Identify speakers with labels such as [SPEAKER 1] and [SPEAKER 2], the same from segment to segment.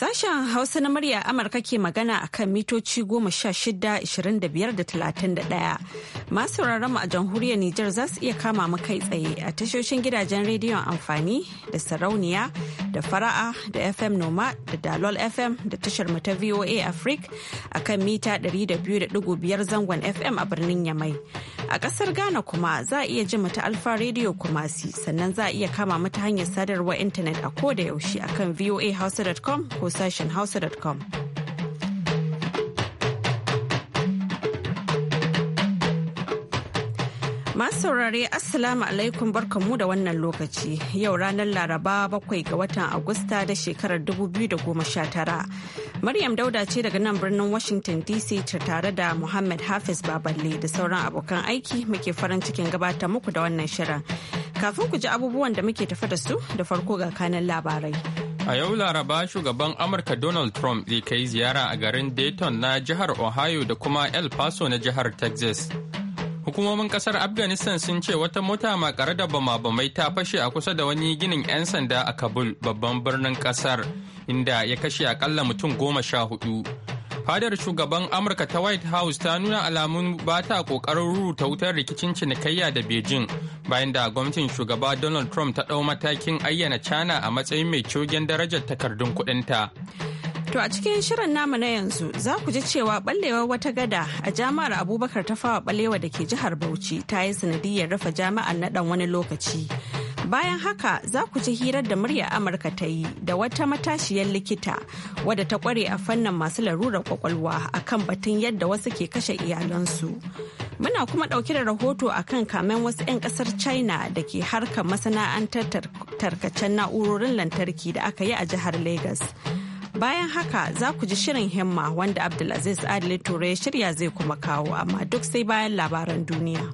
[SPEAKER 1] Sashen Hausa na murya Amurka ke magana a kan mitoci goma sha shida, ishirin da biyar da talatin da ɗaya. Masu mu a jamhuriyar Nijar za su iya kama mu kai tsaye a tashoshin gidajen rediyon amfani da sarauniya da fara'a da FM Noma da Dalol FM da tashar mu ta VOA Africa a kan mita 200.5 zangon FM a birnin Yamai. A ƙasar Ghana kuma za a iya mu ta Alfa rediyo Kumasi sannan za a iya kama mata hanyar sadarwar intanet a koda yaushe a akan voahausa.com ko sashen hausa.com. Masu saurare Assalamu alaikum barkanmu da wannan lokaci yau ranar Laraba bakwai ga watan Agusta da shekarar 2019. Maryam Dauda ce daga nan birnin Washington DC tare da Muhammad Hafiz Baballe da sauran abokan aiki muke farin cikin gabatar muku da wannan shirin. Kafin ku ji abubuwan da muke tafi da su da farko ga kanan labarai.
[SPEAKER 2] A yau Laraba shugaban Amurka Donald Trump zai kai ziyara a garin Dayton na jihar Ohio da kuma El Paso na jihar Texas. Hukumomin kasar Afghanistan sun ce wata mota makare da bama-bamai ta fashe a kusa da wani ginin 'yan sanda a Kabul babban birnin kasar inda ya kashe akalla mutum goma sha hudu. fadar shugaban amurka ta white house ta nuna alamun ba ta kokarin ruruta wutar rikicin cinikayya da beijing bayan da gwamnatin shugaba donald trump ta ɗau matakin ayyana china a matsayin mai cogen darajar takardun kuɗinta
[SPEAKER 1] To a cikin shirin namu na yanzu za ku ji cewa ballewar wata gada a jami'ar Abubakar ta fawa balewa da ke jihar Bauchi ta yi sanadiyar rufe jami'ar na dan wani lokaci. Bayan haka za ku ci hirar da murya Amurka ta yi da wata matashiyar likita wadda ta kware a fannin masu larurar kwakwalwa kan batun yadda wasu ke kashe iyalansu. Muna kuma ɗauke da rahoto a kan kamen wasu 'yan ƙasar China da ke harkar masana'antar tarkacen na'urorin lantarki da aka yi a jihar Legas. bayan haka za ku ji shirin himma wanda abdulaziz adli ture shirya zai kuma kawo amma duk sai bayan labaran duniya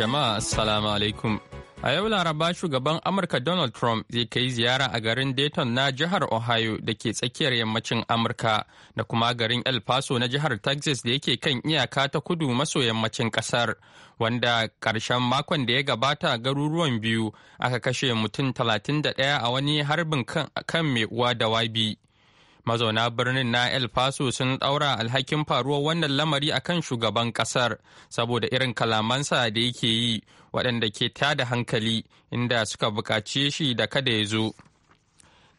[SPEAKER 2] jama'a assalamu alaikum. A yau Laraba shugaban Amurka Donald Trump zai kai ziyara a garin Dayton na jihar Ohio da ke tsakiyar yammacin Amurka da kuma garin El Paso na jihar Texas da yake kan iyaka ta kudu maso yammacin kasar, wanda karshen makon da ya gabata garuruwan biyu aka kashe mutum 31 a wani harbin kan mai uwa da wabi. mazauna birnin na el paso sun ɗaura alhakin faruwar wannan lamari akan shugaban ƙasar saboda irin kalamansa da yake yi waɗanda ke tada hankali inda suka buƙace shi da kada ya zo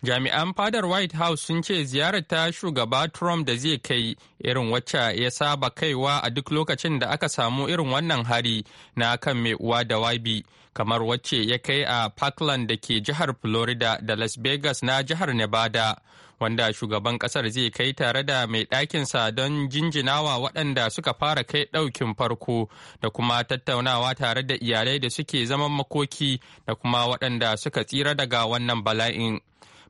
[SPEAKER 2] jami'an fadar white house sun ce ziyarar ta shugaba trump da zai kai irin wacce ya saba kaiwa a duk lokacin da aka samu irin wannan hari na kan mai uwa da wabi kamar wacce ya kai a parkland da ke jihar florida da las vegas na jihar nevada wanda shugaban kasar zai kai tare da mai ɗakinsa don jinjinawa waɗanda suka fara kai ɗaukin farko da kuma tattaunawa tare da iyalai da suke zaman makoki da kuma waɗanda suka tsira daga wannan bala'in.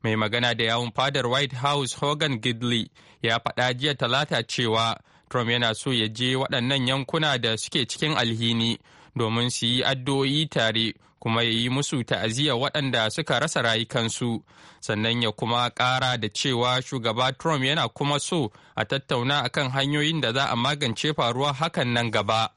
[SPEAKER 2] Mai magana da yawun fadar White House Hogan Gidley ya faɗa jiya talata cewa Trump yana so ya je waɗannan yankuna da suke cikin alhini domin su yi addu'o'i tare kuma ya yi musu ta'aziyya waɗanda suka rasa rayukansu sannan ya kuma ƙara da cewa shugaba trump yana kuma so a tattauna akan hanyoyin da za a magance faruwa hakan nan gaba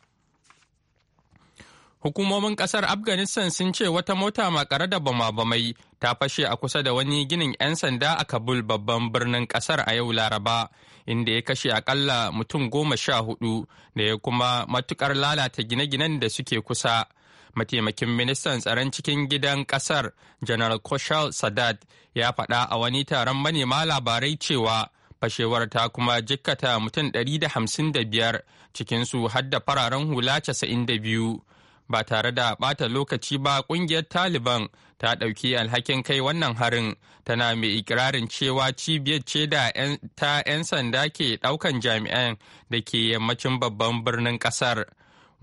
[SPEAKER 2] hukumomin ƙasar afghanistan sun ce wata mota makare da bama-bamai ta fashe a kusa da wani ginin 'yan sanda a kabul babban birnin ƙasar a yau laraba inda ya kashe akalla mutum goma sha hudu da ya kuma matukar lalata gine-ginen da suke kusa mataimakin ministan tsaron cikin gidan kasar general koshal sadat ya faɗa a wani taron manema labarai cewa fashewar ta kuma jikkata mutum 155 cikinsu har da fararen hula 92 ba tare da bata lokaci ba ƙungiyar taliban ta ɗauki alhakin kai wannan harin tana mai ikirarin cewa cibiyar ce da ta 'yan sanda ke ɗaukan jami'an da ke yammacin babban birnin ƙasar.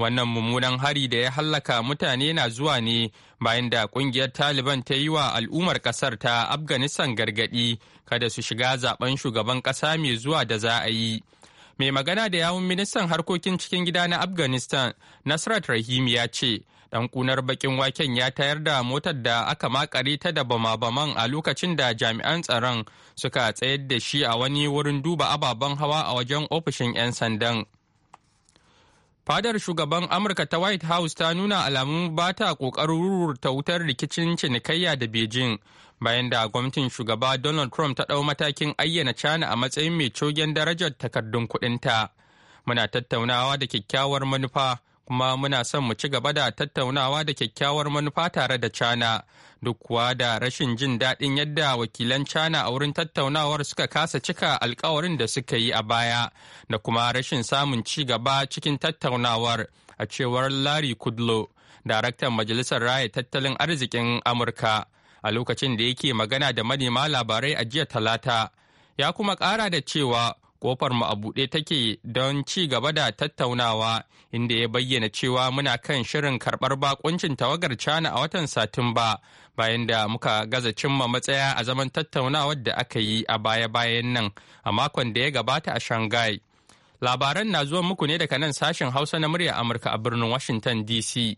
[SPEAKER 2] Wannan mummunan hari da ya hallaka mutane na zuwa ne bayan da kungiyar Taliban ta yi wa al'ummar kasar ta Afghanistan gargadi kada su shiga zaben shugaban ƙasa mai zuwa da za a yi. Mai magana da yawun ministan harkokin cikin gida na Afghanistan, Nasrat Rahim ya ce, dan kunar bakin waken ya tayar da motar da aka makare ta da bama-baman a lokacin da jami'an tsaron suka tsayar da shi a wani wurin duba ababen hawa a wajen ofishin 'yan sandan. Fadar shugaban Amurka ta White House ta nuna alamu ba ta kokarin rurrurta wutar rikicin cinikayya da Beijing bayan da gwamnatin shugaba Donald Trump ta ɗau matakin ayyana China a matsayin mai cogen darajar takardun kudinta. Muna tattaunawa da kyakkyawar manufa kuma muna son mu ci gaba da tattaunawa da kyakkyawar manufa tare da China duk kuwa da rashin jin daɗin yadda wakilan China a wurin tattaunawar suka kasa cika alkawarin da suka yi a baya da kuma rashin samun ci gaba cikin tattaunawar a cewar Larry Kudlow, daraktan Majalisar Raya Tattalin Arzikin Amurka a lokacin da yake magana da manema labarai a jiya talata. Ya kuma ƙara da cewa kofar mu a buɗe take don ci gaba da tattaunawa inda ya bayyana cewa muna kan shirin karɓar bakuncin tawagar cana a watan satumba bayan da muka gaza cimma matsaya a zaman tattaunawar da aka yi a baya-bayan nan a makon da ya gabata a shanghai labaran na zuwa muku ne daga nan sashen hausa na murya amurka a birnin washington dc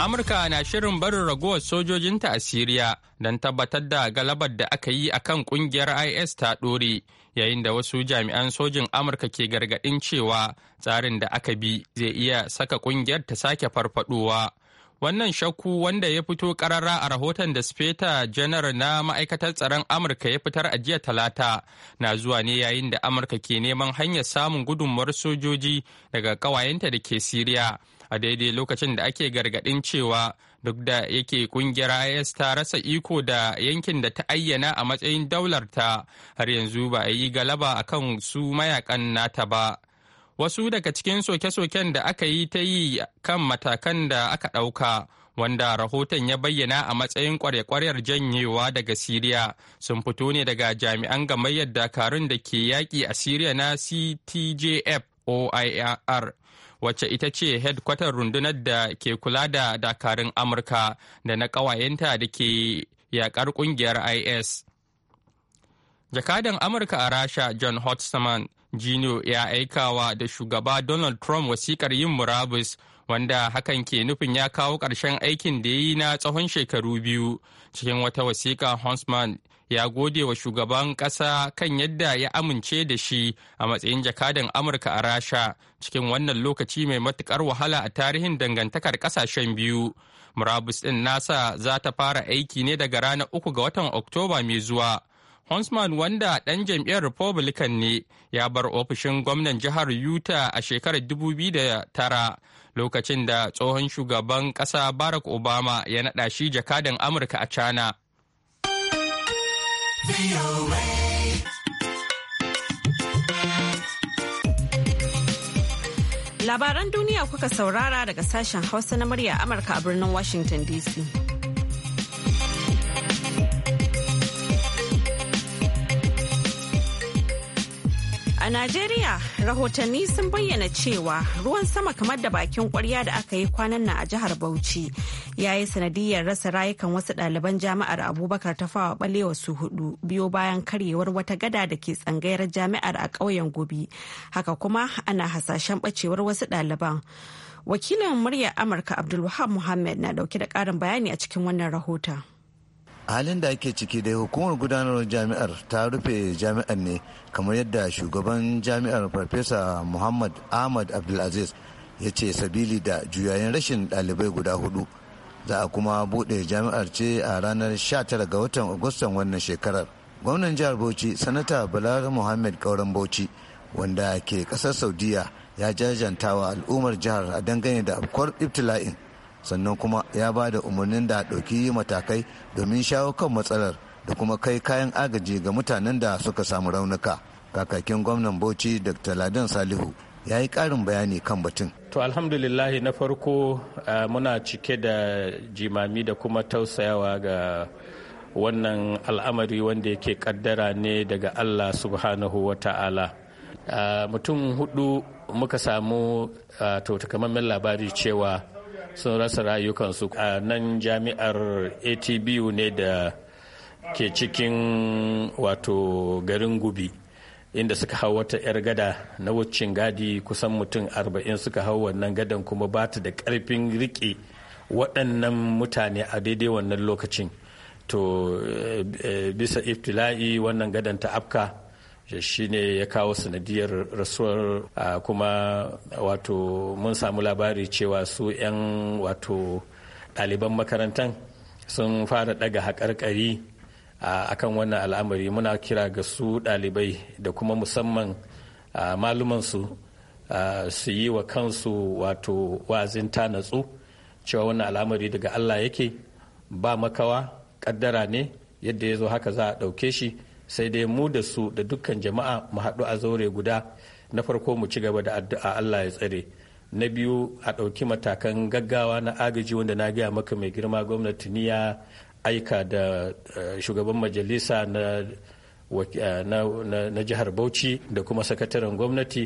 [SPEAKER 2] Amurka na shirin barin ragowar sojojinta a Siriya don tabbatar da galabar da aka yi akan kungiyar IS ta ɗore, yayin da wasu jami'an sojin Amurka ke gargaɗin cewa tsarin da aka bi zai iya saka kungiyar ta sake farfaɗowa. Wannan shakku wanda ya fito karara a rahoton da Speta janar na ma'aikatar tsaron Amurka ya fitar a jiya talata na zuwa ne yayin da Amurka ke neman hanyar samun gudunmuwar sojoji daga ƙawayenta da ke Siriya. a daidai lokacin da ake gargadin cewa duk da yake kungiyar is ta rasa iko da yankin da ta ayyana a matsayin daular ta har yanzu ba a yi galaba a kan su mayakan nata ba wasu daga cikin soke-soken da aka yi ta yi kan matakan da aka ɗauka wanda rahoton ya bayyana a matsayin kware-kwaryar janyewa daga siriya sun fito ne daga jami'an gamayyar dakarun da ke yaƙi a siriya na ctjf oir wacce ita ce hedkwatar rundunar da ke kula da dakarun amurka da na ƙawayenta da ke yakar kungiyar is jakadan amurka a rasha john hotsman jr ya aikawa da shugaba donald trump wasikar yin murabus wanda hakan ke nufin ya kawo ƙarshen aikin da ya yi na tsawon shekaru biyu cikin wata wasiƙa Huntsman ya gode wa shugaban ƙasa kan yadda ya amince da shi a matsayin jakadan Amurka a Rasha cikin wannan lokaci mai matuƙar wahala a tarihin dangantakar ƙasashen biyu. Murabus ɗin nasa za ta fara aiki ne daga ranar uku ga watan Oktoba mai zuwa. Huntsman wanda ɗan jam'iyyar Republican ne ya bar ofishin gwamnan jihar Utah a shekarar 2009 lokacin da tsohon shugaban ƙasa barack obama ya naɗa shi jakadan amurka a china
[SPEAKER 1] labaran duniya kuka saurara daga sashen hausa na murya amurka a birnin washington dc A Najeriya, rahotanni sun bayyana cewa ruwan sama kamar da bakin kwarya da aka yi kwanan nan a jihar Bauchi ya yi sanadiyar rasa rayukan wasu ɗaliban jami'ar Abubakar ta fawa balewa su hudu biyo bayan karyewar wata gada da ke tsangayar jami'ar a ƙauyen Gobi. Haka kuma ana hasashen ɓacewar wasu ɗaliban. Wakilin muryar Amurka Abdulwahab Muhammad na ɗauke da ƙarin bayani a cikin wannan rahoton.
[SPEAKER 3] halin da ake ciki da hukumar gudanarwar jami'ar ta rufe jami'ar ne kamar yadda shugaban jami'ar farfesa muhammad ahmad abdulaziz ya ce sabili da juyayen rashin ɗalibai guda hudu za a kuma buɗe jami'ar ce a ranar 19 ga watan agustan wannan shekarar gwamnan jihar bauchi sanata balar muhammad kauran bauchi wanda ke ƙasar saudiya ya wa al'ummar jihar a dangane da afkuwar ibtila'in sannan kuma ya ba da umarnin da ɗauki matakai domin shawo kan matsalar da kuma kai kayan agaji ga mutanen da suka samu raunuka kakakin gwamnan bauchi dr ladan salihu ya yi ƙarin bayani kan batun to alhamdulillahi na farko muna cike da jimami da kuma tausayawa ga wannan al'amari wanda yake kaddara ne daga allah subhanahu wa ta'ala mutum hudu muka samu to takamaiman labari cewa sun rasa rayukansu a nan jami'ar atbu ne da ke cikin wato garin gubi inda suka hau wata 'yar gada na wucin gadi kusan mutum 40 suka hau wannan gadan kuma ba ta da karfin riƙe waɗannan mutane a daidai wannan lokacin to eh, eh, bisa iftila'i wannan gadan ta afka shi ne ya kawo sanadiyar rasuwar kuma wato mun samu labari cewa su 'yan wato ɗaliban makarantar sun fara ɗaga haƙarƙari a kan wannan al'amari muna kira ga su ɗalibai da kuma musamman malumansu su yi wa kansu wato wa'azin ta natsu cewa wannan al'amari daga allah yake ba makawa ƙaddara ne yadda ya zo haka za a ɗauke shi sai dai mu da su da dukkan jama'a mu haɗu a zaure guda na farko mu ci gaba da addu'a Allah ya tsare na biyu a ɗauki matakan gaggawa na agaji wanda na gaya maka mai girma gwamnati ya aika da eh, shugaban majalisa eh, na na jihar bauchi da kuma sakataren gwamnati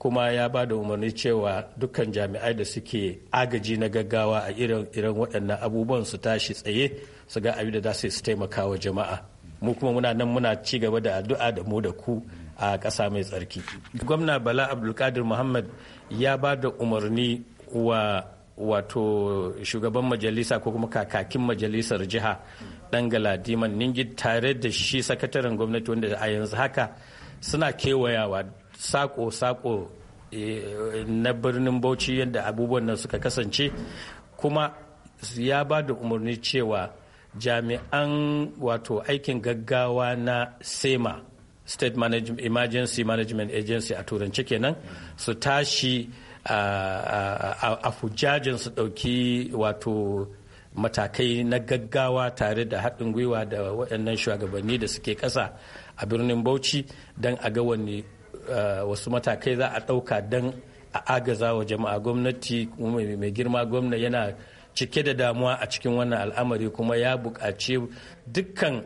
[SPEAKER 3] kuma ya ba da umarni cewa dukkan jami'ai da suke agaji na gaggawa a irin waɗannan abubuwan su tashi tsaye su ga abin da za su taimaka wa jama'a mu kuma muna nan muna ci gaba da addu'a da mu da ku a ƙasa mai tsarki gwamna bala abdulkadir muhammad ya ba da umarni wa wato shugaban majalisa ko kuma kakakin majalisar jiha ɗan galadiman ningi tare da shi sakataren gwamnati wanda a yanzu haka suna kewayawa sako-sako eh, na birnin bauchi yadda abubuwan nan suka kasance kuma ya ba da umarni cewa jami'an wato aikin gaggawa na sema state management, emergency management agency a turance kenan su tashi a fujajen su dauki wato matakai na gaggawa tare da haɗin gwiwa da waɗannan shugabanni da suke ƙasa a birnin bauchi don a ga wani wasu matakai za a ɗauka don a agaza wa jama'a gwamnati mai girma gwamna yana cike da damuwa a cikin wannan al'amari kuma ya buƙaci dukkan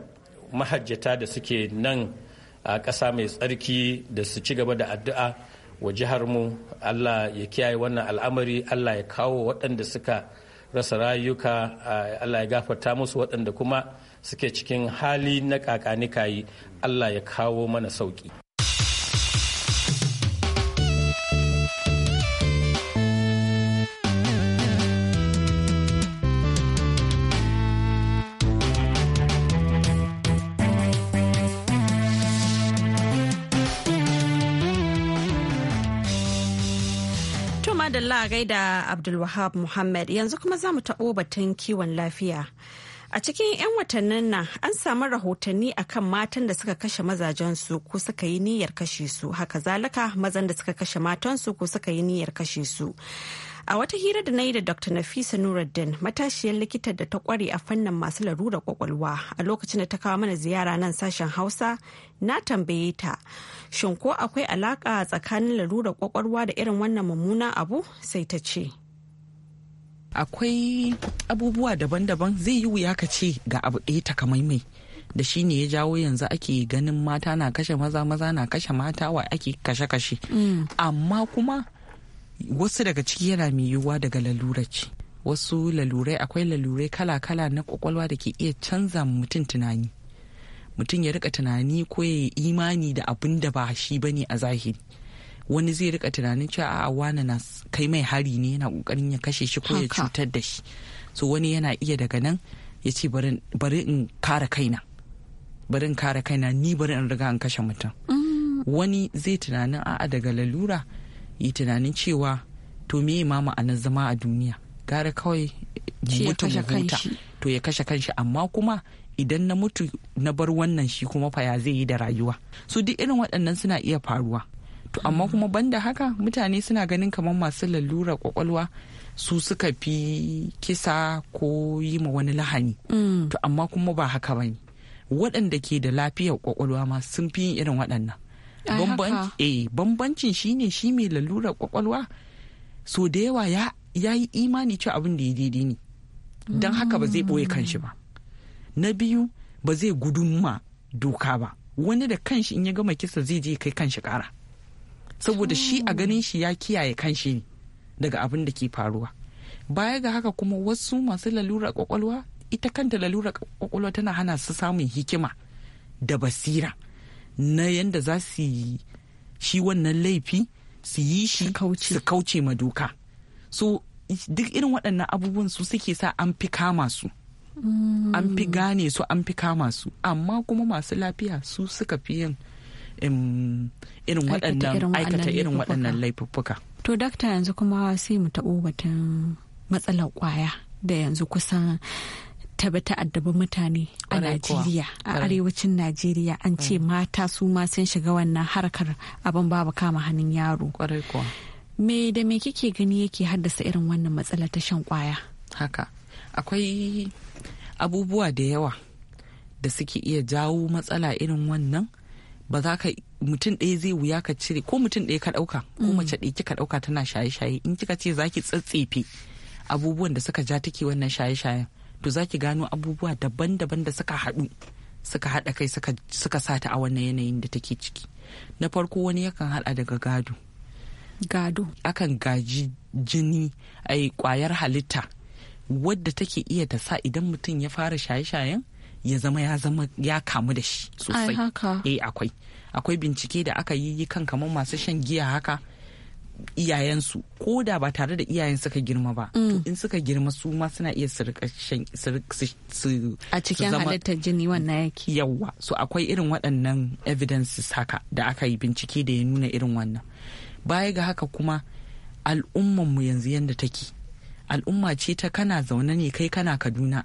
[SPEAKER 3] mahajjata da suke nan a ƙasa mai tsarki da su ci gaba da addu'a wa jiharmu allah ya kiyaye wannan al'amari allah ya kawo waɗanda suka rasa rayuka allah ya gafarta musu waɗanda kuma suke cikin hali na kayi allah ya kawo mana sauƙi
[SPEAKER 1] da Abdulwahab Muhammad yanzu kuma za mu taɓo batun kiwon lafiya. A cikin 'yan watannin nan an samu rahotanni akan matan da suka kashe mazajensu ko suka yi niyyar kashe su haka zalika mazan da suka kashe matansu ko suka yi niyyar kashe su. A wata hira da na yi da Dr. Nafisa Nuruddin matashiyar likitar da ta kware a fannin masu larurar kwakwalwa a lokacin da ta kawo mana ziyara nan sashen Hausa na tambaye ta shin ko akwai alaka tsakanin larurar kwakwalwa da irin wannan mummunan abu sai ta ce.
[SPEAKER 4] Akwai abubuwa daban-daban zai yi wuya ka ce ga abu ɗaya mai da shi ne ya jawo yanzu ake ganin mata na kashe maza maza na kashe mata wa ake kashe-kashe mm. amma kuma wasu daga ciki yana mai yiwuwa daga lalura ce wasu lalurai akwai lalurai kala-kala na kwakwalwa da ke iya canza mutum tunani mutum ya rika tunani ko ya imani da abin da ba shi bane a zahiri wani zai rika tunanin cewa a wani na kai mai hari ne yana kokarin ya kashe shi ko ya cutar da shi so wani yana iya daga nan ya ce bari in kare kaina bari in kare kaina ni bari in riga in kashe mutum mm. wani zai tunanin a'a daga lalura yi tunanin cewa to me ma ma'anar zama a duniya gara kawai mutum huta to ya kashe kanshi amma kuma idan na mutu na bar wannan shi kuma faya zai yi da rayuwa su duk irin waɗannan suna iya faruwa to amma mm. kuma banda haka mutane suna ganin kamar masu lalura kwakwalwa su suka fi kisa ko yi ma wani lahani mm. to amma kuma ba haka ba ne. waɗanda ke da lafiyar kwakwalwa ma sun fi irin waɗannan Eh, bambancin shine shi mai lalurar kwakwalwa so da yawa ya yi imani cewa abin da ya daidai ne don haka ba zai ɓoye kanshi ba na biyu ba zai gudunma doka ba wani da kanshi in ya gama kisa zai je kai kanshi kara saboda shi a ganin shi ya kiyaye kanshi ne daga abin da ke faruwa baya ga haka kuma wasu masu lalurar kwakwalwa ita kanta lalurar kwakwalwa tana hana su samun hikima da basira na yanda za su yi shi wannan laifi su yi shi su kauce ma doka so duk irin waɗannan abubuwan su suke sa an fi kama su an fi mm. gane su an fi kama su amma kuma masu lafiya su suka fi yin irin waɗannan aikata irin waɗannan laifuffuka
[SPEAKER 1] to dakta yanzu kuma sai mu taɓo batun matsalar kwaya da yanzu kusan tabi ta addaba mutane a Najeriya a arewacin Najeriya an ce mm. mata su ma sun shiga wannan harkar abin babu kama hannun yaro. Me da me kike gani yake haddasa irin wannan matsala ta shan kwaya?
[SPEAKER 4] Haka akwai abubuwa da yawa da suke iya jawo matsala irin wannan ba za ka mutum ɗaya zai wuya ka cire ko mutum ɗaya ka ɗauka ko mm. mace ɗaya kika ɗauka tana shaye-shaye in kika ce za ki tsatsefe abubuwan da suka ja take wannan shaye-shayen to za ki gano abubuwa daban-daban da suka haɗu suka haɗa kai suka sata a wannan yanayin da take ciki na farko wani yakan haɗa daga gado gado akan gaji jini a kwayar halitta wadda take iya ta sa idan mutum ya fara shaye-shayen ya zama ya zama ya kamu da shi sosai eh, akwai akwai bincike da aka yi kan kamar masu shan giya haka iyayensu ko da ba tare da iyayen suka girma ba to mm. in suka girma su ma suna iya su a cikin halittar
[SPEAKER 1] jini wannan yake
[SPEAKER 4] yawa so akwai irin waɗannan evidences haka da aka yi bincike da ya nuna irin wannan baya ga haka kuma mu yanzu yadda take al'umma ce ta kana zaune ne kai kana kaduna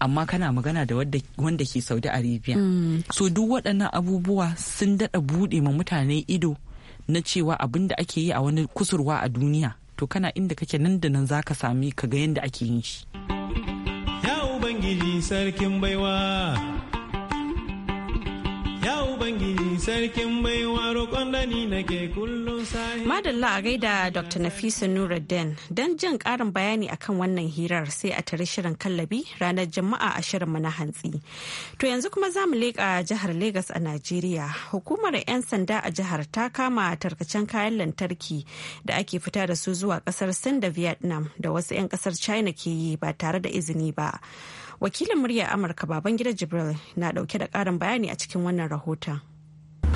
[SPEAKER 4] amma kana magana da wanda ke saudi arabia mm. so duk waɗannan abubuwa sun daɗa buɗe ma mutane ido na cewa abin da ake yi a wani kusurwa a duniya to kana inda kake nan da nan zaka sami ka ga yadda ake yin shi ya ubangiji sarkin baiwa Ya Ubangiji sarkin baiwa roƙon
[SPEAKER 3] dani nake kullum sahi.
[SPEAKER 1] Madalla a gaida Dr. Nafisa Nuruddin don jin ƙarin bayani akan wannan hirar sai a tare shirin kallabi ranar Juma'a a shirin na hantsi. To yanzu kuma za mu leƙa jihar Legas a Najeriya. Hukumar 'yan sanda a jihar ta kama tarkacen kayan lantarki da ake fita da su zuwa ƙasar Sin da Vietnam da wasu 'yan ƙasar China ke yi ba tare da izini ba. wakilin murya amurka baban babangida jibril na dauke da karin bayani a cikin wannan rahoton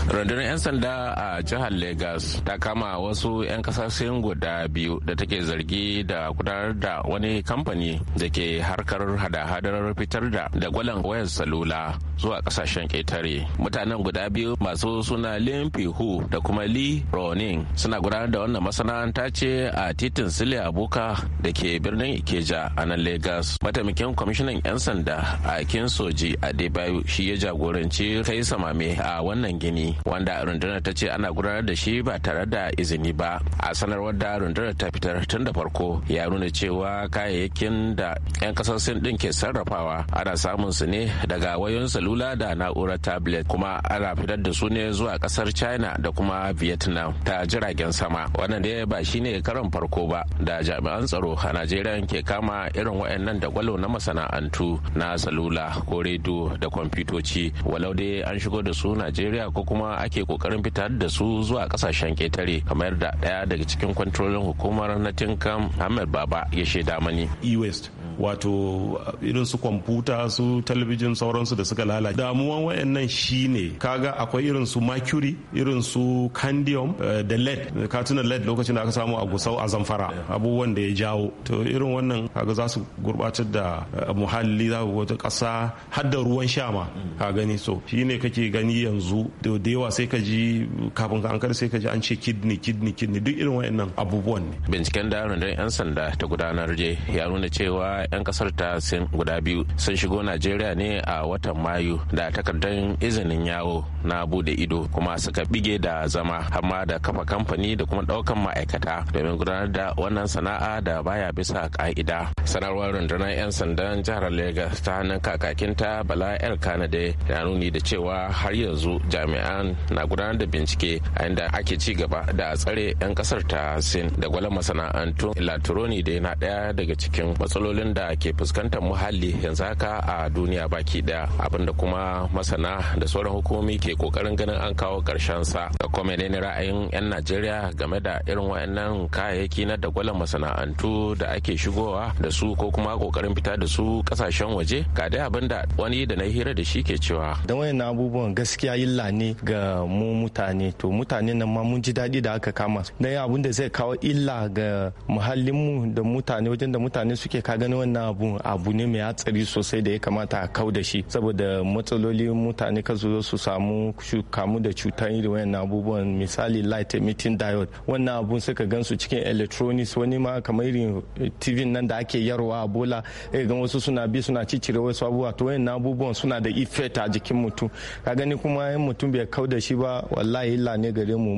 [SPEAKER 5] rundunar 'yan sanda a jihar lagos ta kama wasu 'yan kasashen guda biyu da take zargi da gudanar da wani kamfani da ke harkar hada-hadar fitar da da gwalan wayar salula zuwa kasashen ketare mutanen guda biyu masu suna limpi hu da kuma li ronin suna gudanar da wannan masana'anta ce a titin sile abuka da ke birnin ikeja a nan lagos mataimakin kwamishinan 'yan sanda a kinsoji adebayo shi ya jagoranci kai samame a wannan gini wanda rundunar ta ce ana gudanar da shi ba tare da izini ba a sanarwar da rundunar ta fitar tun da farko ya nuna cewa kayayyakin da 'yan kasar sin din ke sarrafawa ana samun su ne daga wayoyin salula da na'urar tablet kuma ana fitar da su ne zuwa kasar china da kuma vietnam ta jiragen sama wannan dai ba shine karan farko ba da jami'an tsaro a najeriya ke kama irin waɗannan da gwalo na masana'antu na salula ko rediyo da kwamfutoci walau dai an shigo da su najeriya ko kuma kuma ake kokarin fitar da su zuwa kasashen ketare kamar da daya daga cikin kwantrolin hukumar na tinkam ahmed baba ya shaida mani e west wato irin su kwamfuta su talabijin sauransu da suka lalace damuwan wayannan shine kaga akwai irin su mercury irin su candium eh, da lead katunan lead lokacin da aka samu a gusau a zamfara abubuwan da ya jawo to irin wannan kaga za su gurbatar da eh, muhalli za wata kasa har da ruwan sha ma ka gani so shine kake gani yanzu da yawa sai ka ji kafin ka ankar sai ka ji an ce kidney kidney kidney duk irin wayannan abubuwan ne binciken da rundunar yan sanda ta gudanar je ya nuna cewa yan kasar ta sun guda biyu sun shigo najeriya ne a watan mayu da takardar izinin yawo na bude ido kuma suka bige da zama amma da kafa kamfani da kuma daukan ma'aikata domin gudanar da wannan sana'a da baya bisa ka'ida sanarwar rundunar yan sandan jihar lagos ta hannun kakakinta bala el kanade ya nuni da cewa har yanzu jami'an iran na gudanar da bincike a inda ake ci gaba da tsare 'yan kasar ta sin da gwale masana'antu Latroni da yana daya daga cikin matsalolin da ke fuskantar muhalli yanzu haka a duniya baki daya abinda kuma masana da sauran hukumomi ke kokarin ganin an kawo karshen sa da kuma ne ra'ayin 'yan najeriya game da irin wa'annan kayayyaki na da gwalan masana'antu da ake shigowa da su ko kuma kokarin fita da su kasashen waje ga dai abinda wani da na hira da shi ke cewa
[SPEAKER 3] don wayannan abubuwan gaskiya illa ne ga mu mutane to mutane nan ma mun ji daɗi da aka kama dan abun da zai kawo illa ga muhallinmu da mutane wajen da mutane suke ka gani wannan abu abu ne mai hatsari sosai da ya kamata a kau da shi saboda matsaloli mutane ka zo su samu kamu da cutar irin wayannan abubuwan misali light emitting diode wannan abun suka gansu cikin electronics wani ma kamar irin tv nan da ake yarwa a bola eh ga wasu suna bi suna cicire wasu abubuwa to wayannan abubuwan suna da effect a jikin mutum ka gani kuma yan mutum bai kau da shi ba wallahi illa ne gare mu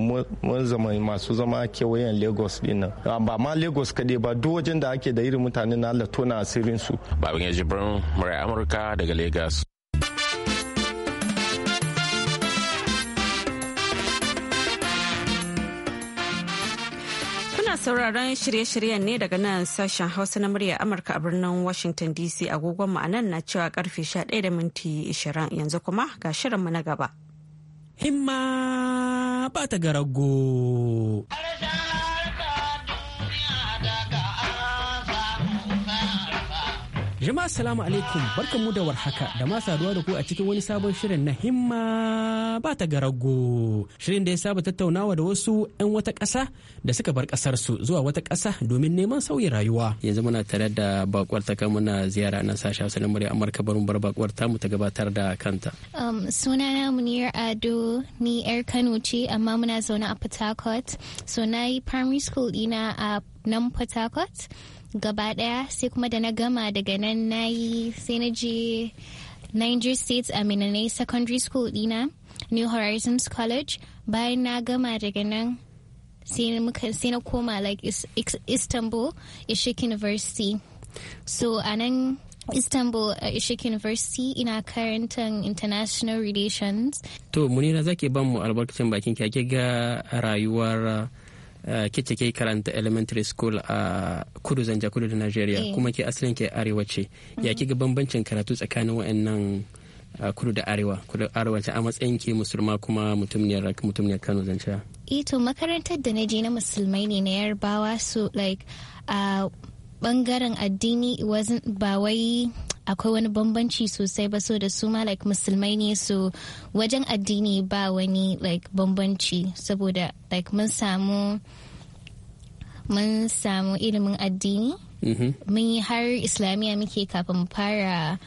[SPEAKER 3] mun zama masu zama kewayen lagos din ah, ba ma lagos kadai ba duk wajen da ake da irin mutane na allah tona asirin su
[SPEAKER 5] babin ya jibrin murai amurka daga lagos
[SPEAKER 1] sauraron shirye-shiryen ne daga nan sashen hausa na murya amurka a birnin washington dc agogon ma'anan na cewa karfe 11 da minti 20 yanzu kuma ga shirinmu na gaba.
[SPEAKER 6] himma ba ta garago. Jama'a assalamu alaikum barkanmu da warhaka da ma saduwa da ku a cikin wani sabon shirin na himma ba ta garago. Shirin da ya saba tattaunawa da wasu 'yan wata ƙasa da suka bar ƙasar su zuwa wata ƙasa domin neman sauyi rayuwa. Yanzu muna tare da bakwar ta muna ziyara nan sashen Hausa na murya Amurka barin bar bakwar ta mu ta gabatar da kanta.
[SPEAKER 7] Um, sunana munir Ado ni 'yar Kano ce amma muna zaune a Port Harcourt. So na yi primary school ɗina a nan Port Harcourt. gaba daya sai kuma da na gama daga nan na yi sai na je niger state aminanai secondary school dina new horizons college bayan na gama daga nan sai na koma like istanbul ishik university so anan nan istanbul uh, ishik university ina karantar international relations
[SPEAKER 6] to munira zaki ban mu albarkacin bakin ki ga rayuwar uh, Eh, ke ce ke karanta elementary school a kudu zanja kudu da nigeria eh. kuma ke asalin ke arewa ce ya mhm. ga bambancin karatu tsakanin waɗannan kudu da arewa kudu arewa ce a matsayin ke musulma kuma mutumniyar mutumniyar Kano zanja
[SPEAKER 7] ito eh, makarantar da na je na musulmai ne na yarbawa so like a bangaren addini ba wai akwai wani bambanci sosai ba so da su ma like musulmai ne so wajen addini ba wani like bambanci saboda like mun samu mun samu ilimin addini mm-hmm. mun yi har islamiyya muke kafin mu fara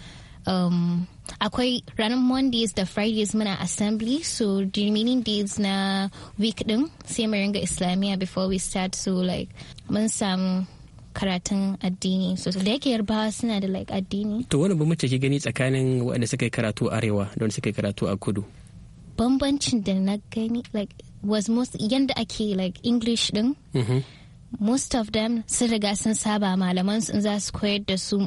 [SPEAKER 7] um, akwai ranar mondays da fridays muna assembly so the remaining days na week din sai mu ringa islamiyya before we start so like mun samu karatun addini so da yake yarbawa suna da like addini
[SPEAKER 6] to wani bambanci ke gani tsakanin waɗanda suka yi karatu arewa da wanda suka yi karatu a kudu
[SPEAKER 7] bambancin da na gani like was most yanda ake like english din mm-hmm. most of them sun riga sun saba malaman sun za su koyar da su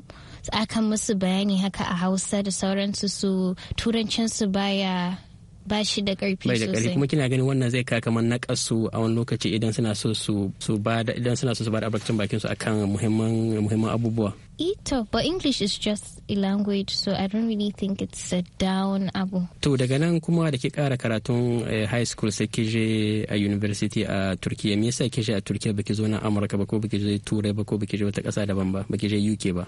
[SPEAKER 7] akan musu bayani haka a hausa da sauransu su turancin su baya ba shi da karfi sosai. Bai da karfi kuma
[SPEAKER 6] kina ganin wannan zai ka kamar nakasu a wani lokaci idan suna so su su ba da idan suna so su ba da abarcin bakin su akan muhimman muhimman abubuwa.
[SPEAKER 7] Ito, eh but English is just a language so I don't really think it's a down abu.
[SPEAKER 6] To daga nan kuma da ki kara karatun eh, high school sai ki je a university a Turkiya me yasa ki je a Turkiya baki zo na Amurka ba ko baki je Turai ba ko baki je wata kasa daban ba baki je UK ba.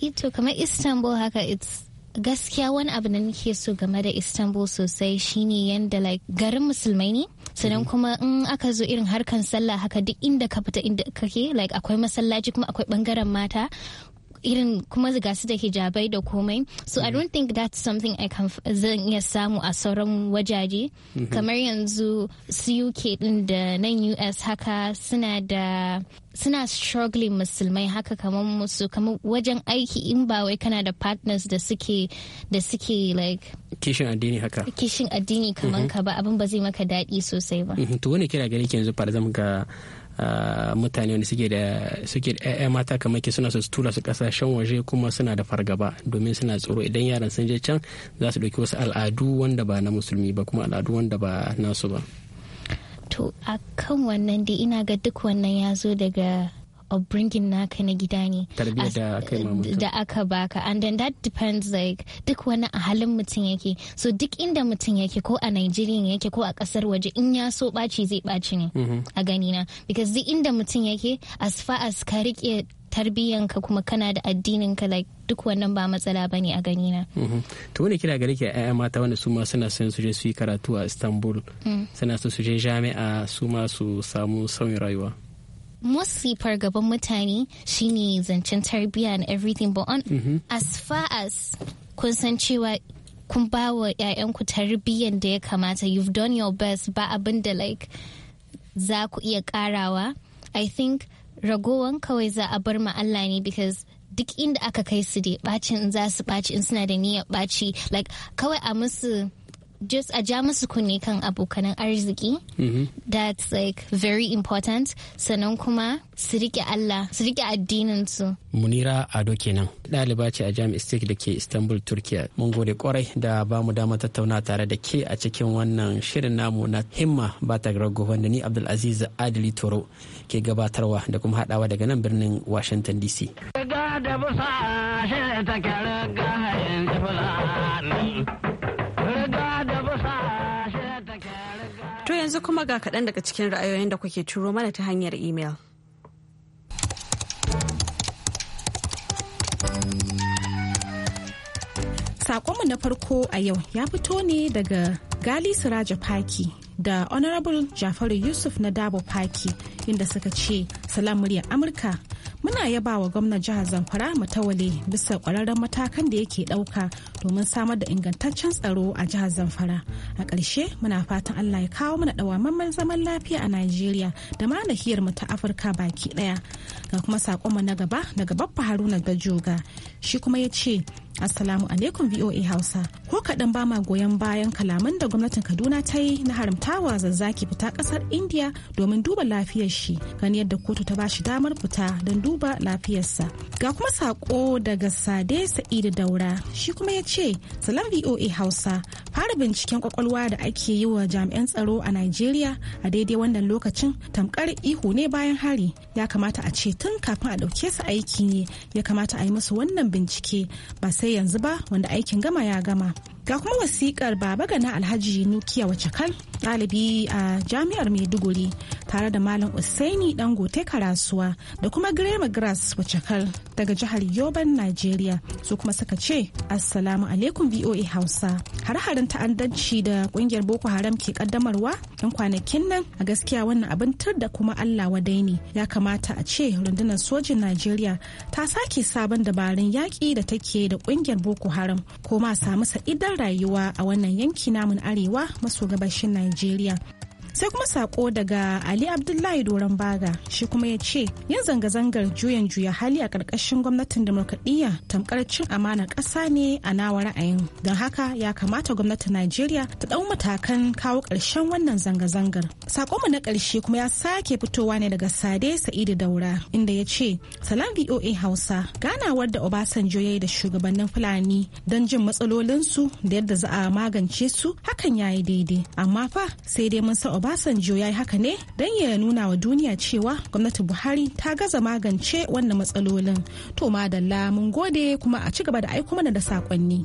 [SPEAKER 7] Ito eh kamar Istanbul haka it's gaskiya wani abu da nake so game da istanbul sosai shine yadda like garin musulmai ne sannan mhm. kuma in aka zo irin harkan sallah haka duk inda ka fita inda kake like akwai masallaci kuma akwai bangaren mata irin kuma ga su da hijabai da komai so i mm-hmm. don't think that's something i can zan iya samu a sauran wajaje mm-hmm. kamar yanzu su uk din da nan us haka suna da suna struggling musulmai haka kamar musu kamar wajen aiki in ba wai kana da partners da suke da suke like
[SPEAKER 6] kishin addini haka
[SPEAKER 7] kishin addini kamar mm-hmm. ka ba abin ba zai maka daɗi sosai ba
[SPEAKER 6] to wani kira gani ke yanzu farzam ga mutane wanda suke da 'ya'ya mata kamar ke suna su tura su kasashen waje kuma suna da fargaba domin suna tsoro idan yaran sun je can za su wasu al'adu wanda ba na musulmi ba kuma al'adu wanda ba nasu ba
[SPEAKER 7] to a kan wannan di ina ga duk wannan ya zo daga upbringing naka na gida ne da aka baka and then that depends like duk wani a halin mutum yake so duk inda mutum yake ko a nigeria yake ko a kasar waje in ya so ɓaci zai ɓaci ne mm-hmm. a ganina because duk inda mutum yake as far as ka riƙe tarbiyyanka kuma kana da addininka like duk wannan ba matsala ba ne a gani na.
[SPEAKER 6] Mm-hmm. To wani kira gare ki ‘ya'ya mata wanda su ma suna son su je su yi karatu a Istanbul, mm. suna son su je jami'a su ma su samu sauyin rayuwa.
[SPEAKER 7] mostly fargaban mutane shine zancen tarbiyya and everything but on mm-hmm. as far as kun san cewa kun ba wa 'ya'yanku tarbiyyan da ya kamata you've done your best ba abin da like za ku iya karawa i think ragowan kawai za a bar ma Allah ne because duk inda aka kai su dai bacin za su baci in suna da niyyar baci like kawai a musu just a jamus kunne kan abokanan arziki mm-hmm. that's like very important sannan kuma su rike Allah su rike addinin su
[SPEAKER 6] Munira Ado kenan ɗaliba ce a Jami'ar State da ke Istanbul Turkiya mun gode kwarai da ba mu dama tattauna tare da ke a cikin wannan shirin namu na himma ba ta rago wanda ni Abdul Aziz Adili Toro ke gabatarwa da kuma hadawa daga nan birnin Washington DC
[SPEAKER 1] da da busa shi take riga yanzu kuma ga kaɗan daga cikin ra'ayoyin da kuke turo mana ta hanyar imel. Sakonmu na farko
[SPEAKER 8] a yau ya fito ne daga Gali Siraja paki da Honorable Jafaru Yusuf na Dabo Paki inda suka ce salam muryar amurka muna yaba wa gwamnan jihar zamfara matawale bisa kwararren matakan da yake dauka domin samar da ingantaccen tsaro a jihar zamfara a ƙarshe muna fatan allah ya kawo mana dawamamman zaman lafiya a najeriya da ma nahiyar mu ta afirka baki ɗaya ga kuma sakonmu na gaba daga babba haruna gajoga shi kuma ya ce Assalamu alaikum VOA Hausa. Ko kaɗan ba ma goyon bayan kalaman da gwamnatin Kaduna ta yi na haramtawa zazzaki fita ƙasar India domin duba lafiyar shi gani yadda kotun kotu ta bashi damar fita don duba lafiyarsa ga kuma sako daga sade sa'idu daura shi kuma ya ce salam voa hausa fara binciken kwakwalwa da ake yi wa jami'an tsaro a nigeria a daidai wannan lokacin tamkar ihu ne bayan hari ya kamata a ce tun kafin a ɗauke su aiki ne ya kamata a yi musu wannan bincike ba sai yanzu ba wanda aikin gama ya gama Ga kuma wasikar Baba Gana Alhaji Nukiya Wacakal ɗalibi a Jami'ar Maiduguri tare da Malam Usaini Dangote Karasuwa da kuma Grema Grass Wacakal daga jihar Yoban, Najeriya. Su kuma suka ce, Assalamu alaikum VOA Hausa. Har-harin ta'addanci da kungiyar Boko Haram ke kaddamarwa yan kwanakin nan a gaskiya wannan abin tar da kuma Allah wadai ne. Ya kamata a ce rundunar sojin Najeriya ta sake sabon dabarun yaƙi da take da kungiyar Boko Haram ko ma samu sa'idan rayuwa a wannan yanki namun arewa maso gabashin Najeriya. sai kuma sako daga ali abdullahi doron baga shi kuma ya ce yin zanga-zangar juyan juya hali a ƙarƙashin gwamnatin demokradiyya tamkar cin amanar ƙasa ne a nawa ra'ayin don haka ya kamata gwamnatin najeriya ta ɗau matakan kawo ƙarshen wannan zanga-zangar sako mu na ƙarshe kuma ya sake fitowa ne daga sade sa'idu daura inda ya ce salam voa hausa ganawar da obasanjo ya yi da shugabannin fulani don jin matsalolinsu da yadda za a magance su hakan ya yi daidai amma fa sai dai mun sa Obasanjo ya yi haka ne don ya nuna wa duniya cewa gwamnatin Buhari ta gaza magance wannan matsalolin. To madalla mun gode kuma a ci gaba da aiko mana da sakonni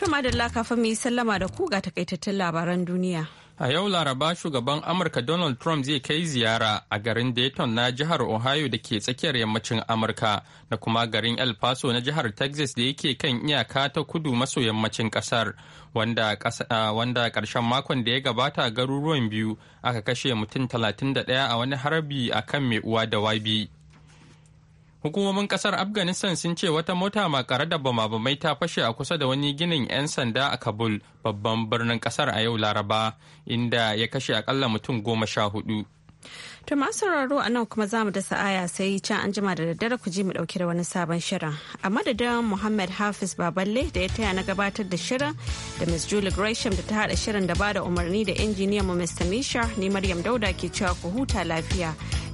[SPEAKER 1] To madalla kafin mu yi sallama da ku ga takaitattun labaran duniya.
[SPEAKER 2] A yau Laraba shugaban Amurka Donald Trump zai kai ziyara a garin Dayton na jihar Ohio da ke tsakiyar yammacin Amurka da kuma garin El Paso na jihar Texas da yake kan iyaka ta kudu maso yammacin kasar wanda ƙarshen karshen makon da ya gabata garuruwan biyu aka kashe mutum 31 a wani harbi a kan mai uwa da wabi. Hukumomin kasar Afghanistan sun ce wata mota makare da bama-bamai ta fashe a kusa da wani ginin 'yan sanda a Kabul, babban birnin kasar a yau Laraba, inda ya kashe akalla mutum goma sha hudu.
[SPEAKER 1] To masu sauraro a nan kuma za mu da sa'aya sai can an jima da daddare ku ji mu dauki da wani sabon shirin. A madadin Muhammad Hafiz Baballe da ya taya na gabatar da shirin da Miss Julie Gresham da ta hada shirin da ba da umarni da injiniyan mu Mr. Misha ne Maryam Dauda ke cewa ku huta lafiya.